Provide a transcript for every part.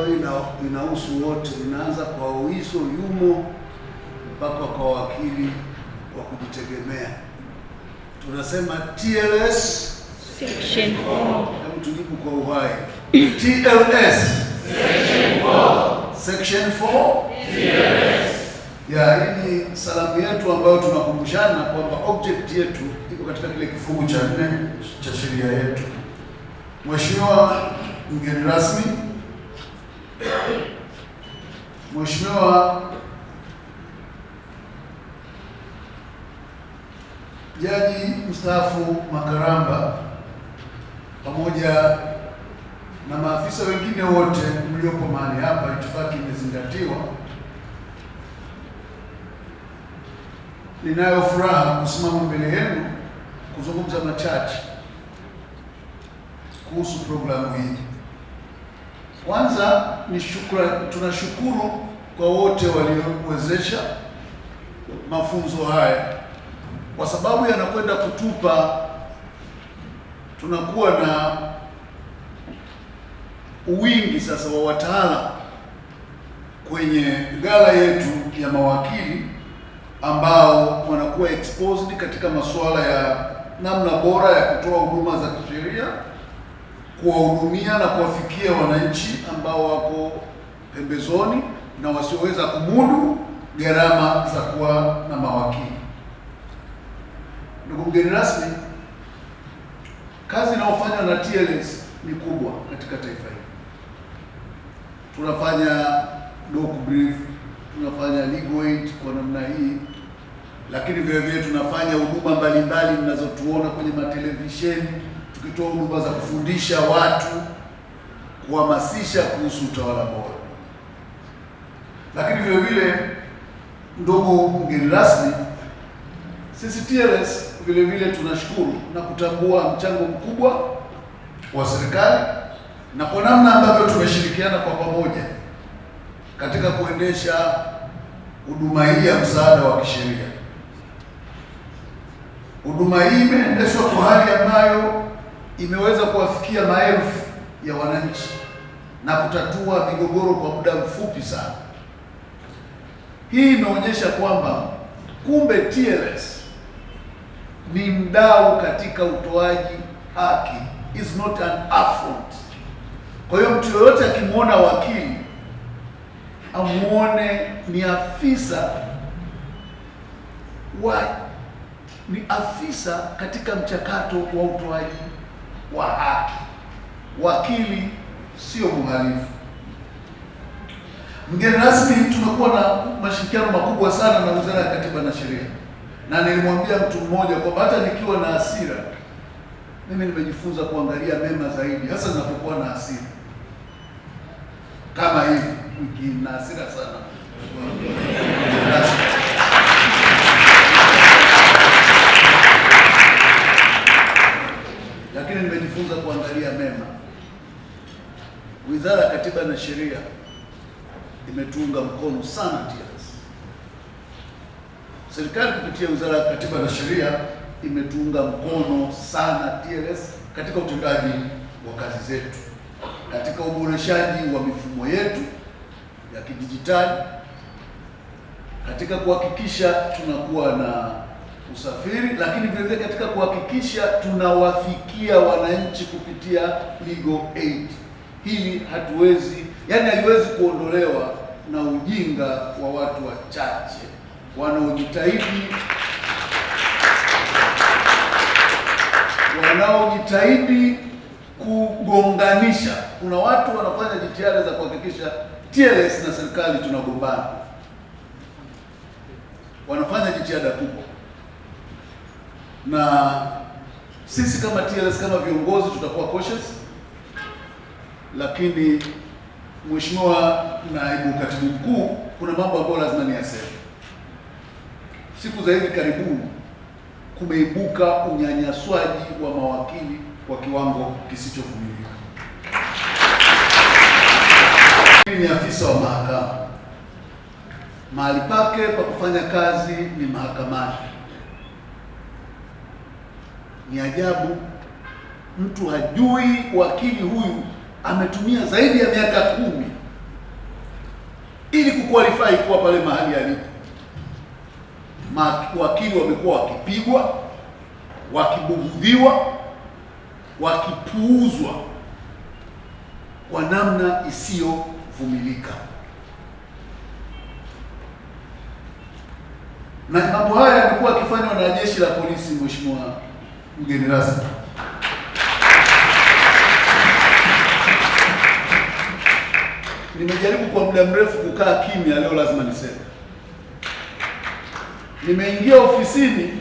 ambayo inahusu wote, inaanza kwa wizo yumo mpaka kwa wakili wa kujitegemea. Tunasema TLS section 4. tujibu kwa uhai TLS section 4, section 4 TLS. Ya, hii ni salamu yetu ambayo tunakumbushana kwamba object yetu iko katika kile kifungu cha nne cha sheria yetu. Mheshimiwa mgeni rasmi Mheshimiwa Jaji mstaafu Makaramba pamoja na maafisa wengine wote mliopo mahali hapa, itifaki imezingatiwa. Ninayo furaha kusimama mbele yenu kuzungumza machache kuhusu programu hii. Kwanza ni shukrani, tunashukuru kwa wote waliowezesha mafunzo haya kwa sababu yanakwenda kutupa, tunakuwa na uwingi sasa wa wataalam kwenye gala yetu ya mawakili ambao wanakuwa exposed katika masuala ya namna bora ya kutoa huduma za kisheria kuwahudumia na kuwafikia wananchi ambao wako pembezoni na wasioweza kumudu gharama za kuwa na mawakili. Ndugu mgeni rasmi, kazi inayofanywa na TLS ni kubwa katika taifa hili. Tunafanya doc brief, tunafanya legal aid kwa namna hii, lakini vile vile tunafanya huduma mbalimbali mnazotuona kwenye matelevisheni tukitoa huduma za kufundisha watu, kuhamasisha kuhusu utawala bora. Lakini vile vile, ndugu mgeni rasmi, sisi TLS vile vile tunashukuru na kutambua mchango mkubwa wa serikali na kwa namna ambavyo tumeshirikiana kwa pamoja katika kuendesha huduma hii ya msaada wa kisheria. Huduma hii imeendeshwa kwa hali ambayo imeweza kuwafikia maelfu ya wananchi na kutatua migogoro kwa muda mfupi sana. Hii inaonyesha kwamba kumbe TLS ni mdau katika utoaji haki, is not an affront. Kwa hiyo mtu yoyote akimwona wakili amuone ni afisa wa ni afisa katika mchakato wa utoaji wa haki, wakili sio mhalifu. Mgeni rasmi, tumekuwa na mashirikiano makubwa sana na Wizara ya Katiba na Sheria, na nilimwambia mtu mmoja kwamba hata nikiwa na hasira mimi nimejifunza kuangalia mema zaidi, hasa ninapokuwa na hasira kama hivi. Wiki na hasira sana Wizara ya Katiba na Sheria imetuunga mkono sana TRS. Serikali kupitia Wizara ya Katiba na Sheria imetuunga mkono sana TLS katika utendaji wa kazi zetu, katika uboreshaji wa mifumo yetu ya kidijitali, katika kuhakikisha tunakuwa na usafiri, lakini vile vile katika kuhakikisha tunawafikia wananchi kupitia legal aid. Hili hatuwezi yani, haiwezi kuondolewa na ujinga wa watu wachache wanaojitahidi wanaojitahidi kugonganisha. Kuna watu wanafanya jitihada za kuhakikisha TLS na serikali tunagombana, wanafanya jitihada kubwa, na sisi kama TLS kama viongozi tutakuwa cautious lakini Mheshimiwa Naibu Katibu Mkuu, kuna mambo ambayo lazima niyaseme. Siku za hivi karibuni kumeibuka unyanyaswaji wa mawakili kwa kiwango kisichovumilika. Ni afisa wa mahakama, mahali pake pa kufanya kazi ni mahakamani. Ni ajabu mtu hajui wakili huyu ametumia zaidi ya miaka kumi ili kukualifai kuwa pale mahali alipo. Mawakili wamekuwa wakipigwa, wakibugudhiwa, wakipuuzwa kwa namna isiyovumilika, na mambo haya yamekuwa akifanywa na jeshi la polisi. Mheshimiwa mgeni rasmi nimejaribu kwa muda mrefu kukaa kimya, leo lazima niseme. Nimeingia ofisini,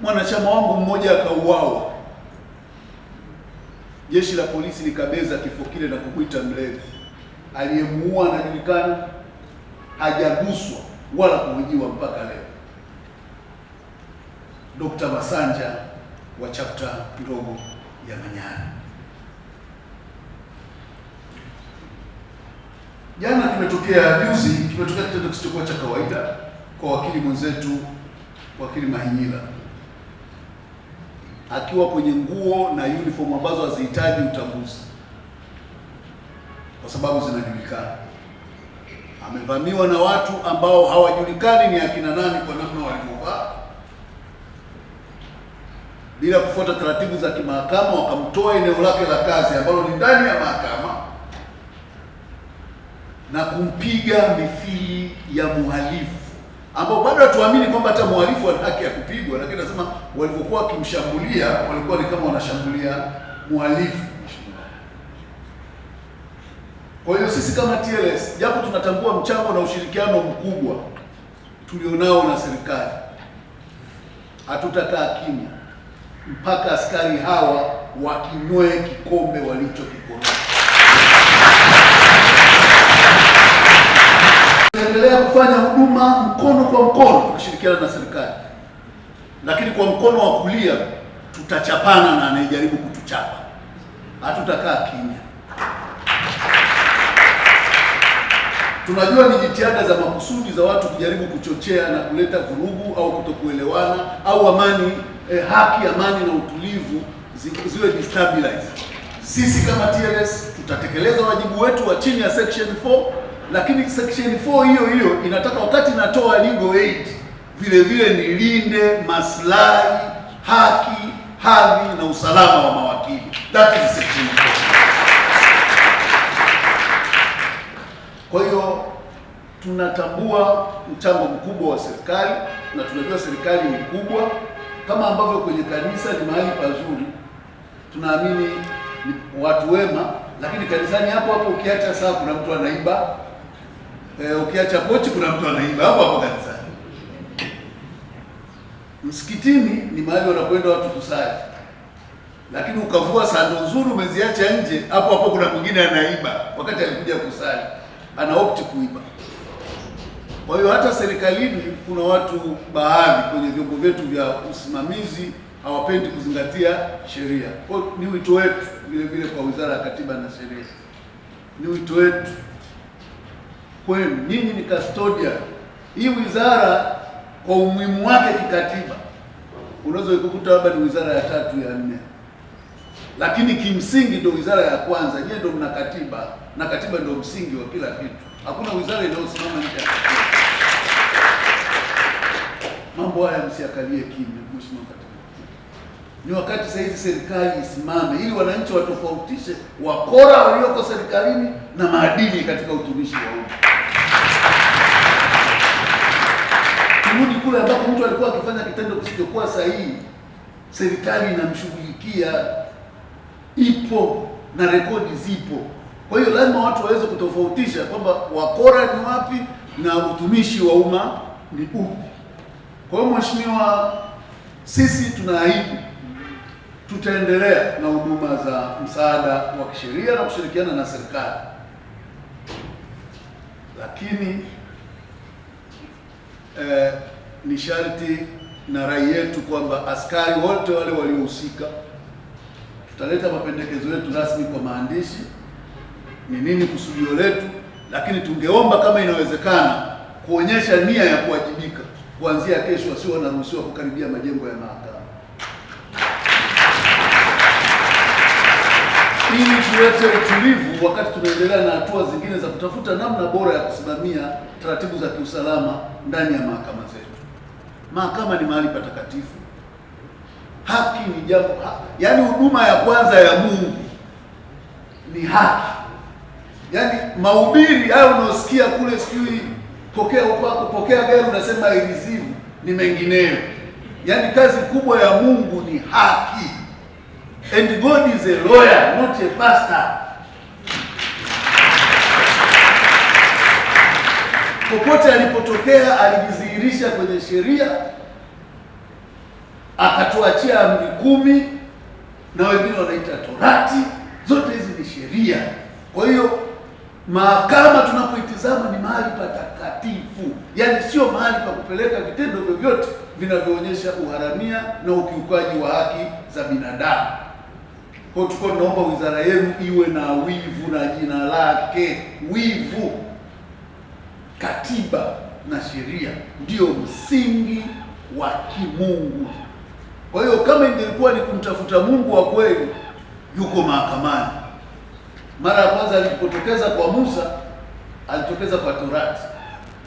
mwanachama wangu mmoja akauawa, jeshi la polisi likabeza kifo kile na kumwita mlevi. Aliyemuua anajulikana, hajaguswa wala kuhojiwa mpaka leo, Dr. Masanja wa chapta ndogo ya Manyara. Jana kimetokea, juzi kimetokea kitendo kisichokuwa cha kawaida kwa wakili mwenzetu, wakili Mahinyila akiwa kwenye nguo na uniform ambazo hazihitaji utambuzi kwa sababu zinajulikana. Amevamiwa na watu ambao hawajulikani ni akina nani kwa namna walivyovaa, bila kufuata taratibu za kimahakama, wakamtoa eneo lake la kazi ambalo ni ndani ya mahakama na kumpiga mithili ya muhalifu, ambao bado hatuamini kwamba hata muhalifu ana haki ya kupigwa, lakini nasema walivyokuwa wakimshambulia walikuwa ni kama wanashambulia muhalifu. Kwa hiyo sisi kama TLS, japo tunatambua mchango na ushirikiano mkubwa tulionao na serikali, hatutakaa kimya mpaka askari hawa wakinywe kikombe walichokikomea tutaendelea kufanya huduma mkono kwa mkono tukishirikiana na serikali, lakini kwa mkono wa kulia tutachapana na anayejaribu kutuchapa, hatutakaa kimya. Tunajua ni jitihada za makusudi za watu kujaribu kuchochea na kuleta vurugu au kutokuelewana au amani, eh, haki, amani na utulivu zi, ziwe destabilize. Sisi kama TLS tutatekeleza wajibu wetu wa chini ya section 4 lakini section 4 hiyo hiyo inataka wakati natoa legal aid vile vile nilinde maslahi, haki, hadhi na usalama wa mawakili. That is section 4. Kwa hiyo tunatambua mchango mkubwa wa serikali na tunajua serikali ni kubwa, kama ambavyo kwenye kanisa ni mahali pazuri, tunaamini ni watu wema, lakini kanisani hapo hapo ukiacha saa, kuna mtu anaiba eh, ukiacha pochi kuna mtu anaiba hapo hapo kanisani. Msikitini ni mahali wanakwenda watu kusali, lakini ukavua sando nzuri umeziacha nje, hapo hapo kuna mwingine anaiba, wakati alikuja kusali ana opti kuiba. Kwa hiyo hata serikalini kuna watu baadhi kwenye vyombo vyetu vya usimamizi hawapendi kuzingatia sheria. Kwa ni wito wetu vile vile kwa Wizara ya Katiba na Sheria, ni wito wetu kwenu, nyinyi ni kastodia Hii wizara kwa umuhimu wake kikatiba unaweza kukuta labda ni wizara ya tatu ya nne, lakini kimsingi ndio wizara ya kwanza. Nyie ndio mna katiba na katiba ndio msingi wa kila kitu. Hakuna wizara inayosimama nje ya katiba. Mambo haya msiakalie kimya, mheshimiwa katibu. Ni wakati sasa hizi serikali isimame, ili wananchi watofautishe wakora walioko serikalini na maadili katika utumishi wa umma. kule ambapo mtu alikuwa akifanya kitendo kisichokuwa sahihi, serikali inamshughulikia. Ipo na rekodi zipo. Kwa hiyo lazima watu waweze kutofautisha kwamba wakora ni wapi na utumishi wa umma ni upi. Kwa hiyo mheshimiwa, sisi tunaahidi tutaendelea na huduma za msaada wa kisheria na kushirikiana na serikali, lakini eh, ni sharti na rai yetu kwamba askari wote wale waliohusika, tutaleta mapendekezo yetu rasmi kwa maandishi, ni nini kusudio letu, lakini tungeomba kama inawezekana kuonyesha nia ya kuwajibika kuanzia kesho, wasio wanaruhusiwa kukaribia majengo ya mahakama ili tuwete utulivu wakati tunaendelea na hatua zingine za kutafuta namna bora ya kusimamia taratibu za kiusalama ndani ya mahakama zetu. Mahakama ni mahali patakatifu, haki ni jambo ha, yaani huduma ya kwanza ya Mungu ni haki. Yaani mahubiri hayo unaosikia kule, sijui pokea upako, pokea gari, unasema ilizivu ni mengineyo. Yaani kazi kubwa ya Mungu ni haki, and God is a lawyer not a pastor. Popote alipotokea alijidhihirisha kwenye sheria, akatuachia amri kumi na wengine wanaita Torati. Zote hizi ni sheria. Kwa hiyo mahakama tunapoitizama ni mahali patakatifu, yaani sio mahali pa kupeleka vitendo vyovyote vinavyoonyesha uharamia na ukiukaji wa haki za binadamu. Kwa hiyo tuko naomba wizara yenu iwe na wivu na jina lake, wivu katiba na sheria ndio msingi wa kimungu. Kwa hiyo kama ingekuwa ni kumtafuta Mungu wa kweli, yuko mahakamani. Mara ya kwanza alipotokeza kwa Musa, alitokeza kwa Torati,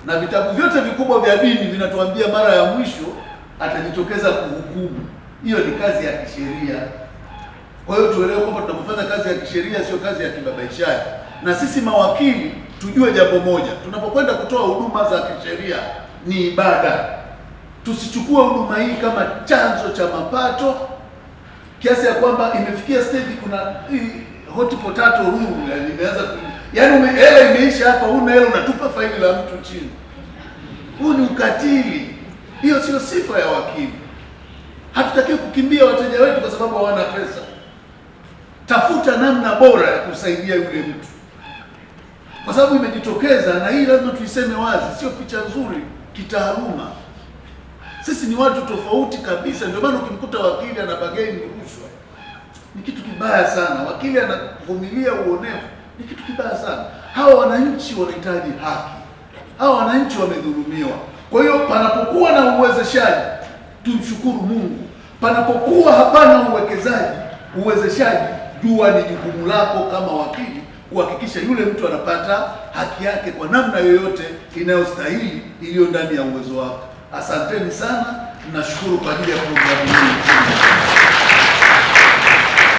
na vitabu vyote vikubwa vya dini vinatuambia mara ya mwisho atajitokeza kuhukumu. Hiyo ni kazi ya kisheria. Kwa hiyo tuelewe kwamba tunapofanya kazi ya kisheria, sio kazi ya kibabaishaji, na sisi mawakili tujue jambo moja, tunapokwenda kutoa huduma za kisheria ni ibada. Tusichukue huduma hii kama chanzo cha mapato kiasi ya kwamba imefikia stage, kuna hot potato rule, yani imeanza yaani hela imeisha hapa, huna hela unatupa faili la mtu chini. Huu ni ukatili, hiyo sio sifa ya wakili. hatutaki kukimbia wateja wetu kwa sababu hawana pesa. Tafuta namna bora ya kusaidia yule mtu kwa sababu imejitokeza, na hii lazima tuiseme wazi, sio picha nzuri kitaaluma. Sisi ni watu tofauti kabisa. Ndio maana ukimkuta wakili ana bageni rushwa ni kitu kibaya sana, wakili anavumilia uonevu ni kitu kibaya sana. Hawa wananchi wanahitaji haki, hawa wananchi wamedhulumiwa. Kwa hiyo panapokuwa na uwezeshaji, tumshukuru Mungu. Panapokuwa hapana uwekezaji, uwezeshaji, jua ni jukumu lako kama wakili kuhakikisha yule mtu anapata haki yake kwa namna yoyote inayostahili iliyo ndani ya uwezo wako. Asanteni sana, nashukuru kwa ajili ya programu hii.